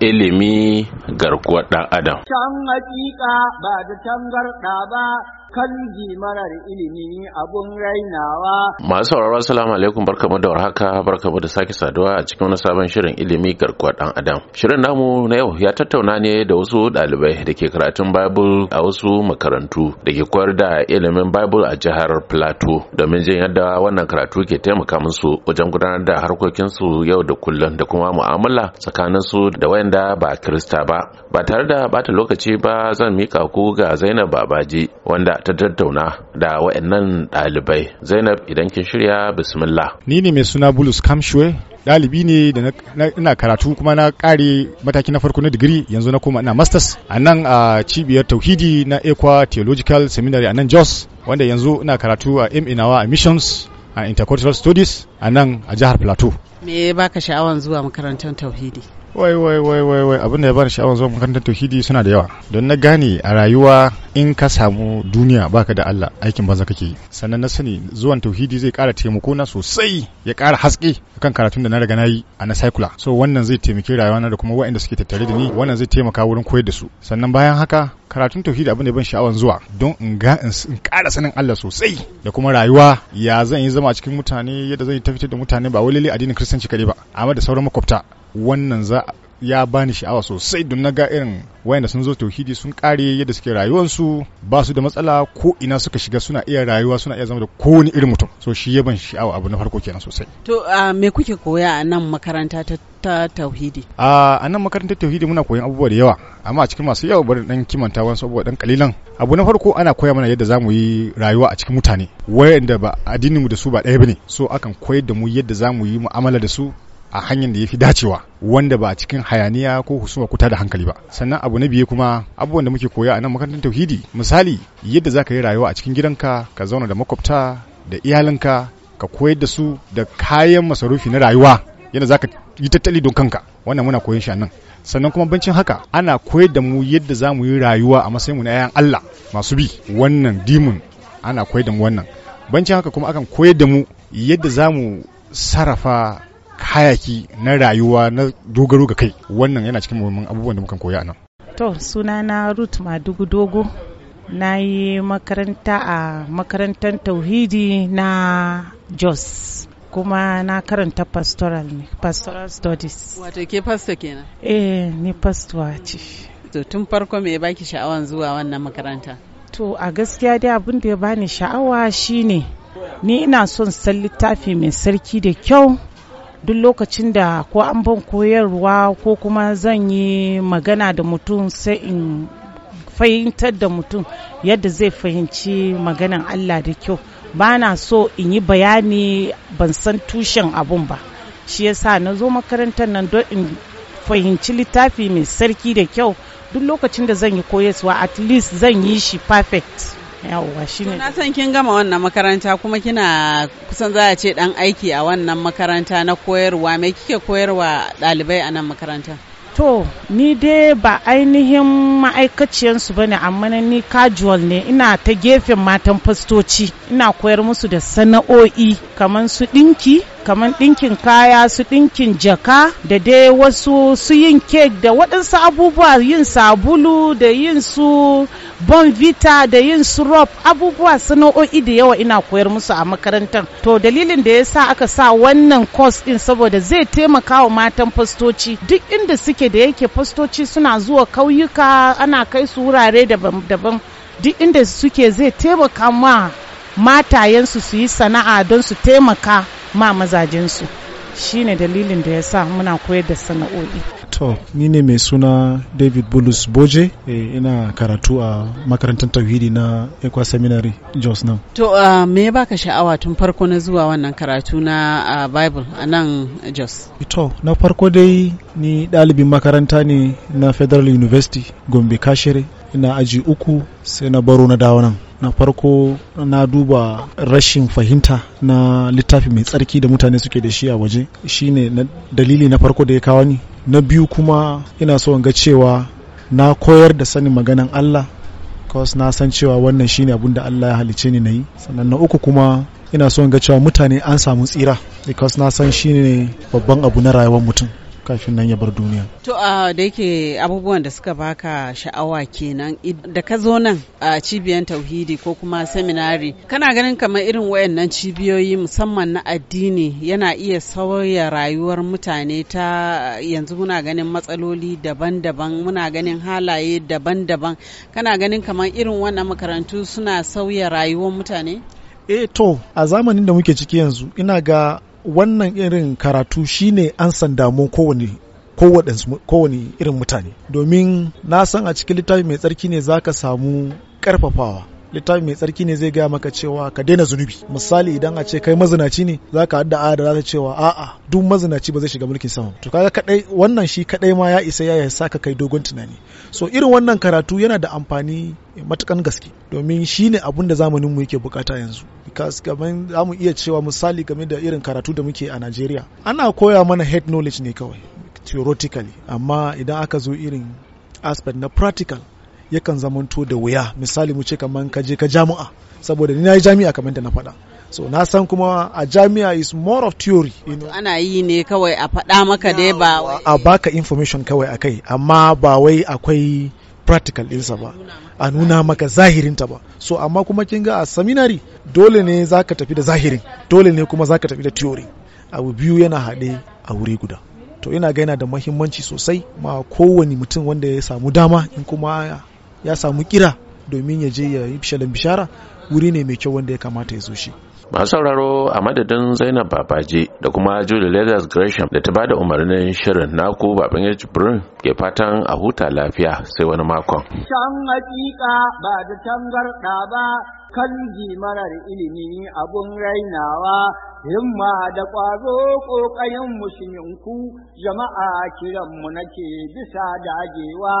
ilimi garkuwar ɗan adam. Can hakika ba da garɗa ba kanji mana da ilimi abun rainawa. Masu sauraro assalamu alaikum barkamu da warhaka barkamu da sake saduwa a cikin wani sabon shirin ilimi garkuwa dan adam. Shirin namu na yau ya tattauna ne da wasu ɗalibai da ke karatun Bible a wasu makarantu da ke koyar da ilimin Bible a jihar Plateau domin jin yadda wannan karatu ke taimaka musu wajen gudanar da harkokinsu yau da kullum da kuma mu'amala tsakanin su da wayanda ba Kirista ba. Ba tare da bata lokaci ba zan mika ku ga Zainab Babaji wanda ta tattauna da waɗannan ɗalibai zainab idan kin shirya bismillah ni ne mai suna bulus kamshwe ɗalibi ne da ina karatu kuma na kare mataki na farko na digiri yanzu na koma ina masters a nan a cibiyar tauhidi na ekwa theological seminary a nan jos wanda yanzu ina karatu a ma nawa a missions intercultural studies a nan a jihar plateau me baka sha'awan zuwa makarantar tauhidi wai wai wai wai wai abin ya bani sha'awar zuwa makarantar tauhidi suna da yawa don na gane a rayuwa in ka samu duniya baka da Allah aikin banza kake yi sannan na sani zuwan tauhidi zai kara taimako na sosai ya kara haske kan karatun da na riga na yi a na cycle so wannan zai taimaki rayuwa na da kuma waɗanda suke tattare da ni wannan zai taimaka wurin koyar da su sannan bayan haka karatun tauhidi abin da ban sha'awar zuwa don in ga in kara sanin Allah sosai da kuma rayuwa ya zan yi zama a cikin mutane yadda zan yi tafitar da mutane ba wai lallai addinin kiristanci kaɗai ba amma da sauran makwabta wannan za ya bani sha'awa sosai don na ga irin wayanda sun zo tauhidi sun kare yadda suke rayuwansu ba su da matsala ko ina suka shiga suna iya rayuwa suna iya zama da kowane irin mutum so shi ya ban sha'awa abu na farko kenan sosai to me kuke koya a nan makaranta ta tauhidi a nan makarantar tauhidi muna koyan abubuwa da yawa amma a cikin masu yawa bari dan kimanta wasu abubuwa dan kalilan abu na farko ana koya mana yadda zamu yi rayuwa a cikin mutane wayanda ba addininmu da su ba ɗaya bane so akan koyar da mu yadda zamu yi mu'amala da su a hanyar da ya fi dacewa wanda ba a cikin hayaniya ko husuma kuta da hankali ba sannan abu na biye kuma abubuwan da muke koya a nan makarantar tauhidi misali yadda za ka yi rayuwa a cikin gidanka ka zauna da makwabta da iyalinka ka koyar da su da kayan masarufi na rayuwa yadda za ka yi tattali don kanka wannan muna koyon shi a nan sannan kuma bancin haka ana koyar da mu yadda za mu yi rayuwa a matsayin mu na 'ya'yan Allah masu bi wannan dimun ana koyar da mu wannan bancin haka kuma akan koyar da mu yadda za mu sarrafa hayaki na rayuwa na dogaro ga kai wannan yana cikin muhimman abubuwan da muka koya a nan to suna na ruth madugu dogo na yi makaranta a makarantar tauhidi na jos kuma na karanta pastoral ne pastoral studies wato ke pastor kenan eh ni pastor ce to tun farko me baki sha'awan zuwa wannan makaranta to a gaskiya dai abin da ya bani sha'awa shine ni ina son san littafi mai sarki da kyau duk lokacin da ko an ban koyarwa ko kuma zan yi magana da mutum sai in fahimtar da mutum yadda zai fahimci maganan Allah da kyau ba na so in yi bayani ban san tushen abun ba shi yasa na zo makarantar nan don in fahimci littafi mai sarki da kyau duk lokacin da zan yi koyaswa at least zan yi shi perfect yawwa na san kin gama wannan makaranta kuma kina kusan za a ce dan aiki a wannan makaranta na koyarwa me kike koyarwa dalibai a nan makaranta to ni dai ba ainihin ma'aikaciyansu ba ne amma ni casual ne ina ta gefen matan fastoci ina koyar musu da sana'o'i kamar su ɗinki kamar ɗinkin kaya su ɗinkin jaka da dai wasu su yin kek da waɗansu abubuwa yin sabulu da yin su bonvita da yin su rob abubuwa sana'o'i da yawa ina koyar musu a makarantar to dalilin da ya sa aka sa wannan kwas ɗin saboda zai taimaka wa matan fastoci duk inda suke da yake fastoci suna zuwa kauyuka ana kai su wurare daban-daban duk inda suke zai taimaka ma matayensu su yi sana'a don su taimaka ma mazajensu shine dalilin da ya sa muna koyar da sana'o'i to ni ne mai suna david bulus boje eh, ina karatu a makarantar tauhidi na ekwa seminary jos nan to ah, me ya baka sha'awa tun farko na zuwa wannan karatu na ah, bible a nan jos to na farko dai ni ɗalibin makaranta ne na federal university gombe kashere ina aji uku sai na baro na dawo nan na farko na duba rashin fahimta na littafi mai tsarki da mutane suke da shi a waje shine na dalili na farko da ya kawo ni na biyu kuma ina so in ga cewa na koyar da sanin maganan Allah cause na san cewa wannan shine abin da Allah ya halice ni na yi sannan na uku kuma ina so in ga cewa mutane an samu tsira because na san shine babban abu na rayuwar mutum kafin nan ya bar duniya. To a da yake abubuwan da suka baka sha'awa kenan da ka zo nan a cibiyan tauhidi ko kuma seminari kana ganin kamar irin wayannan cibiyoyi musamman na addini yana iya sauya rayuwar mutane ta yanzu muna ganin matsaloli daban-daban muna ganin halaye daban-daban kana ganin kamar irin wannan makarantu suna sauya rayuwar mutane? eh to a zamanin da muke ciki yanzu ina ga wannan irin karatu shine an sandamu kowane kowane irin mutane domin na san a cikin littafi mai tsarki ne za ka samu karfafawa littafi mai tsarki ne zai gaya maka cewa ka daina zunubi misali idan a ce kai mazinaci ne za ka hadda da za ta cewa a'a duk mazinaci ba zai shiga mulkin sama to kaga kadai wannan shi kadai ma ya isa ya sa ka kai dogon tunani so irin wannan karatu yana da amfani matukan gaske domin shine abin da zamanin mu yake bukata yanzu because za mu iya cewa misali game da irin karatu da muke a Najeriya ana koya mana head knowledge ne kawai theoretically amma idan aka zo irin aspect na practical yakan zamanto da wuya misali mu ce kamar ka je ka jami'a saboda ni na yi jami'a kamar da na faɗa so na san kuma a jami'a is more of theory you ana yi ne kawai a faɗa maka dai ba a baka information kawai akai amma ba wai akwai practical ɗinsa ba a nuna maka zahirinta ba so amma kuma kin ga a seminary dole ne za ka tafi da zahirin dole ne kuma za ka tafi da theory abu biyu yana haɗe a wuri guda to ina ga yana da mahimmanci sosai ma kowane mutum wanda ya samu dama in kuma ya samu kira domin ya je ya yi bishara wuri ne mai kyau wanda ya kamata ya zo shi masu sauraro a madadin zainab babaji da kuma julie leathers gresham da ta bada umarnin shirin naku baban ya jibrin ke fatan a huta lafiya sai wani makon can hakika ba da tangarda ba kan marar ilimi abun rainawa himma da ƙwazo ƙoƙarin musulminku jama'a kiranmu nake bisa dagewa